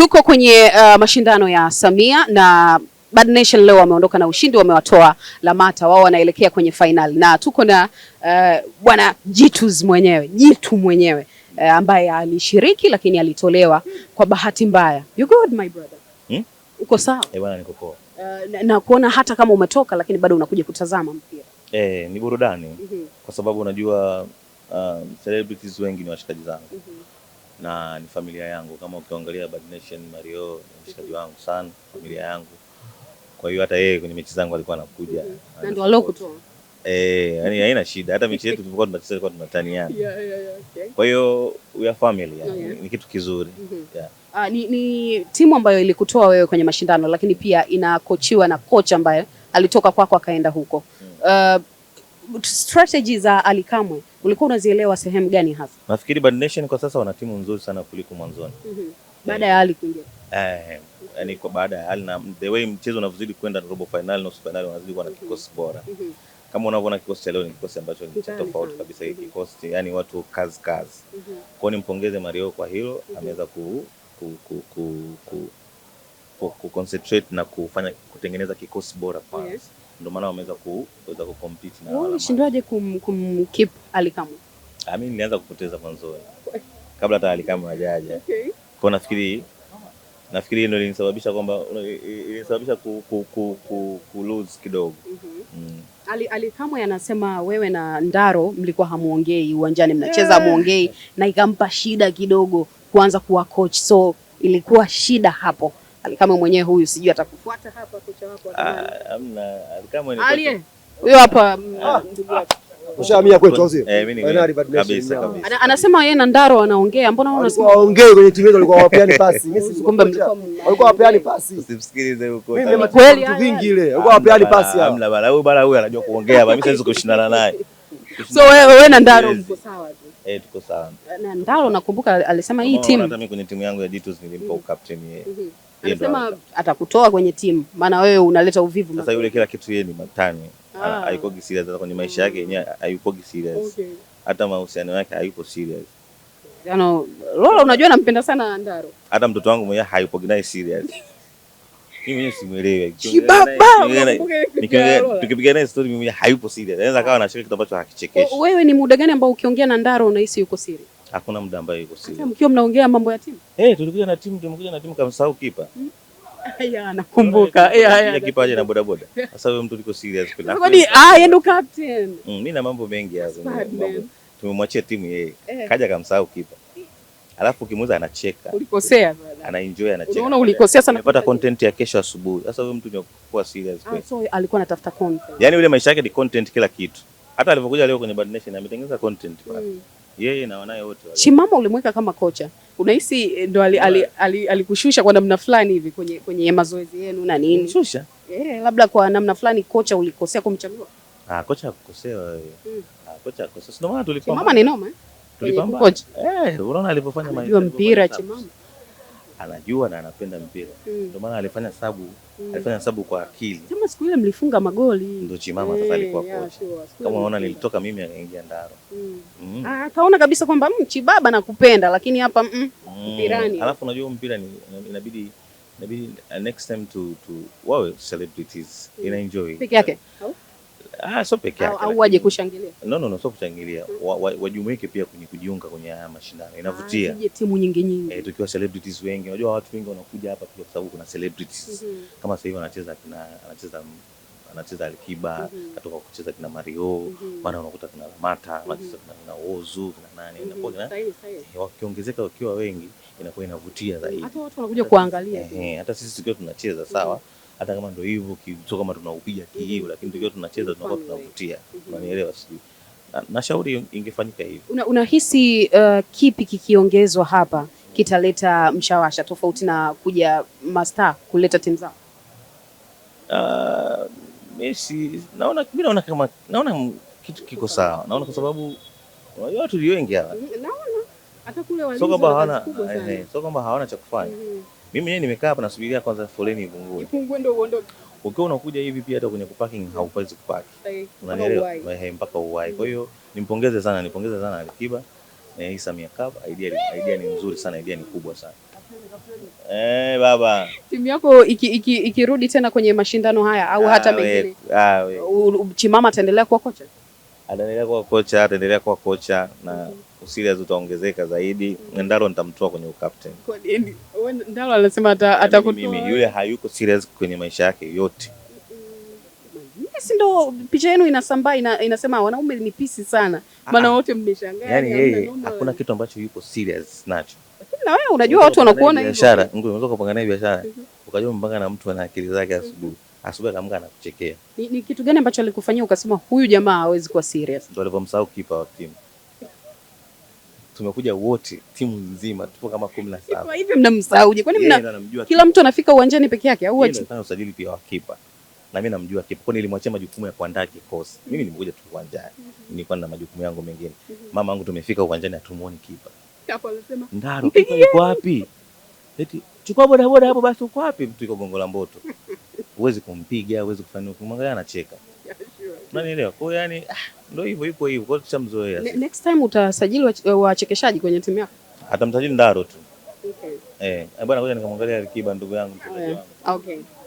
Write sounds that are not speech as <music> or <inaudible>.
Tuko kwenye uh, mashindano ya Samia na Bad Nation leo wameondoka na ushindi, wamewatoa Lamata, wao wanaelekea kwenye final na tuko na uh, bwana Jitus mwenyewe Jitu mwenyewe uh, ambaye alishiriki lakini alitolewa kwa bahati mbaya. You good my brother? Hmm? Uko sawa? Eh, bwana niko poa. Uh, na, na kuona hata kama umetoka lakini bado unakuja kutazama mpira eh, ni burudani mm -hmm. kwa sababu unajua uh, celebrities wengi ni washikaji zangu mm -hmm na ni familia yangu. Kama ukiangalia Bad Nation, Mario mshikaji wangu sana, familia yangu. Kwa hiyo hata yeye kwenye mechi zangu alikuwa anakuja. Na ndio alokutoa. Eh, yani haina shida. Hata mechi yetu tulikuwa tunacheza kwa tunataniana. Yeah, yeah, yeah. Okay. Kwa hiyo we are family yani. Yeah. yeah. Ni kitu kizuri. Mm -hmm. Yeah. Ah, ni, ni timu ambayo ilikutoa wewe kwenye mashindano lakini pia inakochiwa na kocha ambaye alitoka kwako akaenda huko. Hmm strategy za Ally Kamwe ulikuwa unazielewa sehemu gani hasa? Nafikiri Bad Nation kwa sasa wana timu nzuri sana kuliko mwanzoni. mm -hmm. Baada ya Ally kuingia eh, yani kwa baada ya Ally na the way mchezo unavyozidi kwenda robo final, nusu finali wanazidi kuwa na mm-hmm. kikosi bora mm -hmm. Kama unavyoona kikosi cha leo ni kikosi ambacho ni cha tofauti kabisa. hiki mm-hmm. Kikosi yani watu kazi kazi. mm -hmm. Kwa hiyo nimpongeze Mario kwa hilo. mm -hmm. ameweza ku, ku, ku, ku, ku kuconcentrate na kufanya kutengeneza kikosi bora kwa Yes. Ndio maana wameweza kuweza ku compete na wao. Ulishindaje kum, kum keep Alikamwe? Ah, mimi nilianza kupoteza mwanzo Kabla hata Alikamwe hajaja. Okay. Kwa nafikiri nafikiri ndio ilinisababisha kwamba ilinisababisha ku, ku, ku, ku, ku lose kidogo. Mm -hmm. mm. Ali, Ali Kamwe anasema wewe na Ndaro mlikuwa hamuongei uwanjani, mnacheza yeah. hamuongei na ikampa shida kidogo kuanza kuwa coach, so ilikuwa shida hapo. Alikama mwenyewe huyu, sijui atakufuata hapa kocha wako. Ah, hamna Alikama ni kocha huyo hapa, mm, ah. ndugu yako ah, ushamia kwetu, au sio? Eh, kabisa kabisa, anasema yeye na Ndaro anaongea, mbona unasema waongee kwenye timu yetu? Walikuwa wapeani pasi, mimi kumbe walikuwa wapeani pasi, usimsikilize huko. Mimi ni kweli vitu vingi ile, walikuwa wapeani pasi. Hamna bana, huyu bana, huyu anajua kuongea hapa, mimi siwezi kushindana naye. <laughs> So wewe wewe na Ndaro mko sawa tu? Eh, tuko sawa na Ndaro. Nakumbuka alisema hii timu, hata mimi kwenye timu yangu ya Ditos nilimpa mm. ukapteni yeye. Mm-hmm. Anasema atakutoa kwenye timu, maana wewe unaleta uvivu. Sasa yule kila kitu yeye ni matani, ah. haikogi serious hata kwenye maisha yake yenyewe hayukogi serious, hata mahusiano yake hayupo serious. Yaani Lola, unajua nampenda sana Ndaro, hata mtoto wangu mwenyewe hayupogi naye serious. <laughs> Mimi simuelewi. Tukipiga naye story mimi hayupo serious. Anaweza kawa anashika kitu ambacho hakichekeshi. Wewe ni muda gani ambao ukiongea na Ndaro unahisi yuko serious? hakuna muda ambayo yuko sisi. Mkiwa mnaongea mambo ya timu? Eh, tulikuja na timu, tumekuja na timu kamsahau kipa. Haya, hmm. <laughs> nakumbuka. Eh, kipa aje na boda boda. Sasa wewe mtu uliko serious kweli. Kwani ah, yeye ndo captain. Mm, Mimi na mambo mengi hapo. Tumemwachia timu yeye. Eh. Kaja kamsahau kipa. Alafu ukimuuza anacheka. Ulikosea bwana. Ana enjoy anacheka. Unaona ulikosea sana. Unapata content ya kesho asubuhi. Sasa wewe mtu ni kwa serious kweli. Ah, so alikuwa anatafuta content. Yaani yule maisha yake ni content kila kitu. Hata alivyokuja leo kwenye Bad Nation ametengeneza content pale. Yeye na wanaye wote wale. Chimama ulimweka kama kocha, unahisi eh, ndo alikushusha ali, ali, ali kwa namna fulani hivi kwenye, kwenye mazoezi yenu na nini? Kushusha? Eh, labda kwa namna fulani kocha ulikosea kumchagua? Ah, kocha hakukosea wewe. Mm. Ah, kocha hakukosea. Ndio maana tulipambana. Chimama ni noma eh? Tulipambana. Eh, unaona alivyofanya Mpira Chimama anajua na anapenda mpira mm. ndio mm. maana alifanya sabu mm. alifanya sabu kwa akili. Kama siku ile mlifunga magoli ndio Chimama sasa eh, alikuwa kocha kama unaona, nilitoka mimi akaingia Ndaro mm. mm. akaona ah, kabisa kwamba mchi mm, baba nakupenda, lakini hapa mm, mm. mpirani. Alafu unajua mpira ni inabidi inabidi uh, next time to to wawe celebrities mm. ina enjoy peke yake au Ah, sio peke yake au waje kushangilia? No, no, no, sio kushangilia, wajumuike pia kwenye kujiunga kwenye haya mashindano, inavutia ah, timu nyingi nyingi. Eh, tukiwa celebrities wengi, unajua watu wengi wanakuja hapa kwa sababu kuna celebrities mm -hmm. kama sasa hivi anacheza kina anacheza anacheza Alikiba mm -hmm. katoka kucheza kina Mario mm -hmm. maana unakuta kina Lamata mm -hmm. kina Ozu kina nani mm -hmm. wakiongezeka wakiwa wengi inakuwa inavutia zaidi, hata watu wanakuja kuangalia. Eh, eh, hata sisi tukiwa tunacheza mhm. sawa mm -hmm hata kama ndio hivyo kitu kama tunaupiga kiio, lakini tukiwa tunacheza tunakuwa tunavutia, mhm. unanielewa? Sijui nashauri na ingefanyika hivyo. Una, unahisi uh, kipi kikiongezwa hapa kitaleta mshawasha tofauti na kuja masta kuleta timu zao? Uh, mimi naona mimi naona kama naona kitu kiko sawa, naona kwa sababu unajua watu wengi hapa, mm, naona hata kule walizo, eh, sio kwamba hawana cha kufanya. Mhm. Mimi yeye nimekaa hapa nasubiria kwanza foleni ipungue. Ipungue ndio uondoke. Ukiwa unakuja hivi pia hata kwenye kuparking hauwezi kupaki. Eh, Unanielewa? Ehe, eh, mpaka uwai. Kwa mm. hiyo nimpongeze sana, nipongeze sana Alikiba. na eh, hii Samia Cup idea idea ni nzuri sana, idea ni kubwa sana. Eh, baba. Timu yako ikirudi iki, iki tena kwenye mashindano haya au hata mengine. Ah, Chimama ataendelea kuwa kocha? Ataendelea kuwa kocha, ataendelea kuwa kocha na mm -hmm usirias zitaongezeka zaidi. Ndalo nitamtoa kwenye ukapteni. Ndalo anasema yaani atakutoa mimi, yule hayuko serious kwenye maisha yake yote. Si ndo picha yenu inasambaa ina, inasema wanaume ni pisi sana, maana wote mmeshangaa. Yani yeye hakuna kitu ambacho yuko serious nacho, lakini na wewe unajua watu wanakuona hivyo. Biashara unaweza kupanga naye biashara ukajua mpanga na mtu ana akili zake, asubuhi asubuhi akaamka anakuchekea. Ni, ni kitu gani ambacho alikufanyia ukasema huyu jamaa hawezi kuwa serious? Ndio alivyomsahau kipa wa timu tumekuja wote, timu nzima tupo kama kumi na saba hivi. Mnamsauje? kwani mna kila mtu anafika uwanjani peke yake au wote? Ndio usajili pia wa kipa na mimi namjua kipa, Kwani nilimwachia majukumu ya kuandaa kikosi. Mm -hmm. Mimi nimekuja tu uwanjani, Mm -hmm. nilikuwa na majukumu yangu mengine. Mm -hmm. Mama yangu tumefika uwanjani, atumuone kipa. alisema. Ndaro, kipa yuko wapi? Eti chukua boda boda hapo basi, uko wapi? Mtu yuko Gongo la Mboto, <laughs> huwezi kumpiga, huwezi kufanya, nini. Mwangalia anacheka. Unanielewa? Kwa hiyo yani, ah, ndio hivyo iko hivyo. Kwa hiyo tushamzoea. Next time utasajili eh, wachekeshaji kwenye timu yako? Atamsajili Ndaro tu. Okay. Eh, eh bwana ngoja nikamwangalia Alikiba ndugu yangu. Okay.